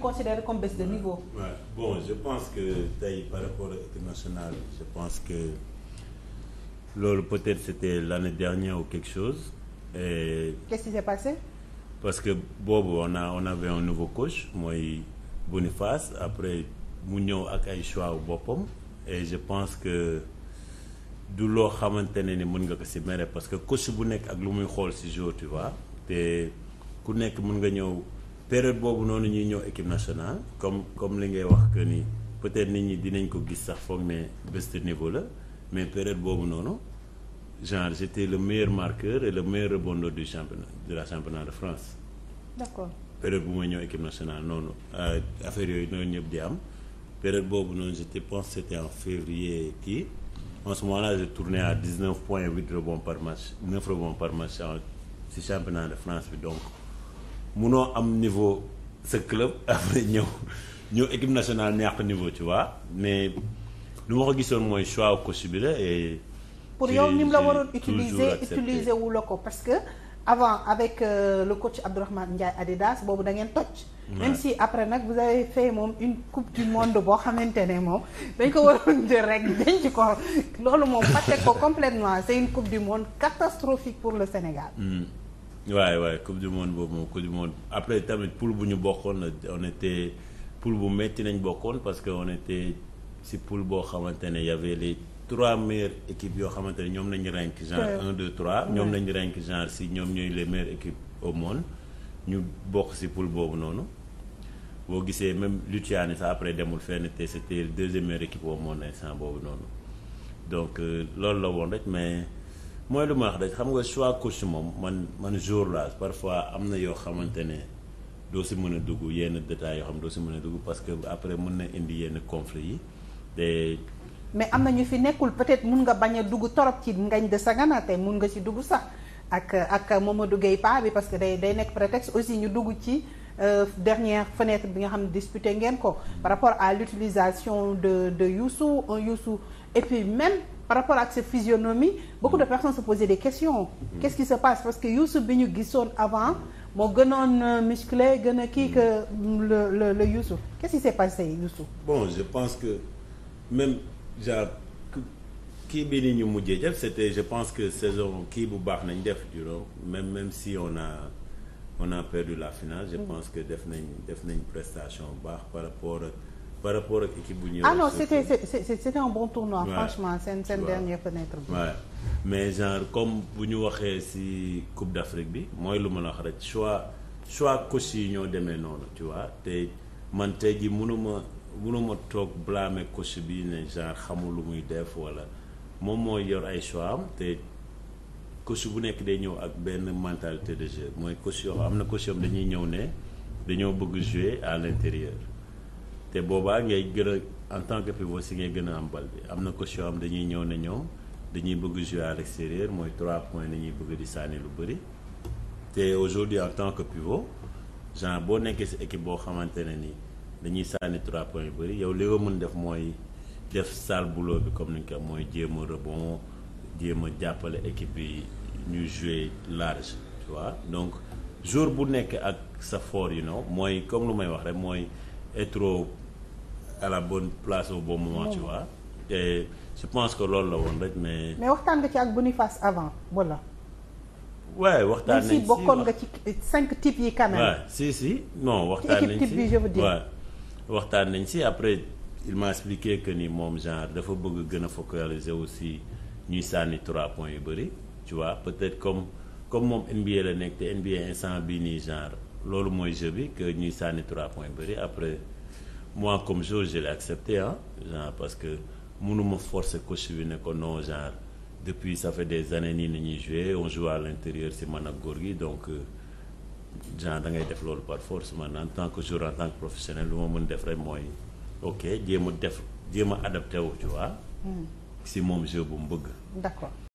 considéré comme baisse de niveau. je pense que tey par rapport ak je pense que loolu peut-être c'était l'année dernière ou quelque chose. et qu'est-ce qui s'est parce que boobu on a on avait un nouveau coach mooy Boniface après mu ñëw ak ay choix wu boppam et je pense que du loo xamante ne ni mën nga ko si mere parce que coach bu nekk ak lu muy xool si jour tu te ku nekk mun nga ñëw. période boobu noonu ñuy ñëw équipe nationale comme comme li ngay wax que ni peut-être nit ñi dinañ ko gis sax foog ne beste niveau la mais période boobu noonu genre j'étais le meilleur marqueur et le meilleur rebondeur du championnat de de France. d'accord période bu ma ñëw équipe nationale noonu euh, affaire yooyu noonu ñëpp di am période boobu noonu je pense c'était en février kii en ce moment-là je tournais à point points 8 rebonds par match 9 rebonds par match en si championnat de France bi donc. munoo am niveau sa club après ñëw ñëw équipe nationale ñàkk niveau tu vois mais lu ma ko gisoon mooy choix coach bi la pour yow ni mu la waroon utiliser utiliser wu la ko parce que. avant avec euh, le coach Abdourahmane Ndiaye Adidas boobu da ngeen toj. même si après nag vous avez fait moom une coupe du monde boo xamante ne moom dañ ko waroon jël rek denc ko loolu moom fàtte ko complètement c'est une coupe du monde catastrophique pour le Sénégal. Hmm. waay waaye coupe du monde boobu moom coupe du monde après tamit poule bu ñu bokkoon on était poule bu métti nañ bokkoon parce que on était si poul boo xamante ne y avait trois maire équipes yoo xamante ne ñoom nañu rank genre un deux trois ñoom nañu rank genre si ñoom ñooy les meilleures équipes au monde ñu bokk si poule boobu noonu boo gisee même Lituanie sax après demul fenn te c'était deuxième maire équipe au monde instant boobu noonu donc euh, loolu la woon rek mooy lu ma wax rek xam nga choix coach moom man man jour la parfois am na yoo xamante ne doo si mën a dugg yenn détails yoo xam doo si mën a dugg parce que après mën na indi yenn conflits yi te. mais am na ñu fi nekkul peut-être mun nga bañ a dugg torop ci ngañ de Sagana te mun nga ci dugg sax ak ak Mamadou Gueye Paa bi parce que day day nekk prétexte aussi ñu dugg ci. Euh, dernière fenêtre bi nga xam ne disputé ngeen ko par rapport à l'utilisation de de Youssou un Youssou et puis même par rapport ak sa physionomie beaucoup de personnes se posaient des questions qu'est-ce qui se passe parce que Youssou bi ñu gisoon avant moo gënoon euh, musclé gën a kii que le le le Youssou qu'est-ce qui s'est passé Youssou bon je pense que même ja kii bi ni ñu mujjee def c'était je pense que saison kii bu baax nañ def juróom même même si on a on a perdu la finale je mm. pense que def nañ def nañ prestation bu baax par rapport par rapport ak équipe bu ñëw. ah non c'était c'était un bon tournoi. Ouais. franchement seen seen fenêtre bi. mais genre comme bu ñu waxee ci Coupe d'Afrique bi mooy lu ma la wax rek choix choix coach yi ñoo demee noonu tu vois te man te jii mënuma mënuma toog blâmer coach bi ne genre xamul lu muy def wala moom mooy yor ay choix am te coach bu nekk day ñëw ak benn mentalité de jeu mooy coach yoo am na coach yoo dañuy ñëw ne dañoo bëgg jouer à l'intérieur. te boobaa ngay gën a en tant que pivot si ngay gën a am bal bi am na coach yoo xam dañuy ñëw ne ñoom dañuy bëgg jouer à l'extérieur mooy trois points dañuy bëgg di sànni lu bëri te aujourd'hui en tant que pivot genre boo nekkee si équipe boo xamante ne ni dañuy sànni trois points yu bëri yow li mën def mooy def sale boulot bi comme ni nga ko mooy jéema a rebond jéem a jàppale équipe bi ñu jouer large tu vois donc jour bu nekk ak sa fort you naw mooy comme lu may wax rek mooy. est trop à la bonne place au bon moment oui. tu je pense que loolu la woon rek mais. mais waxtaan nga ci ak Boniface avant voilà. waaye waxtaan nañ si bokkoon nga ci cinq types yi quand même. si si non waxtaan nañ si waxtaan nañ si après il m'a expliqué que ni moom genre dafa bëgg gën a focaliser aussi ñuy sànni trois points yu bëri tu vois peut-être comme. comme moom NBA la nekk te NBA instant bii nii genre loolu mooy jeu bi que ñuy sànni trois points bëri après moi comme jour je l'ai accepté ah genre parce que mënuma forcer coach bi ne ko non genre depuis ça fait des années nii ni ñuy jouer on joue à l'intérieur si man ak góor gi donc euh, genre da ngay def loolu par force man en tant que joueur en tant que professionnel lu ma mën def rek mooy ok jéem a def jéem a adapté wu hmm. si moom jeu bu mu bëgg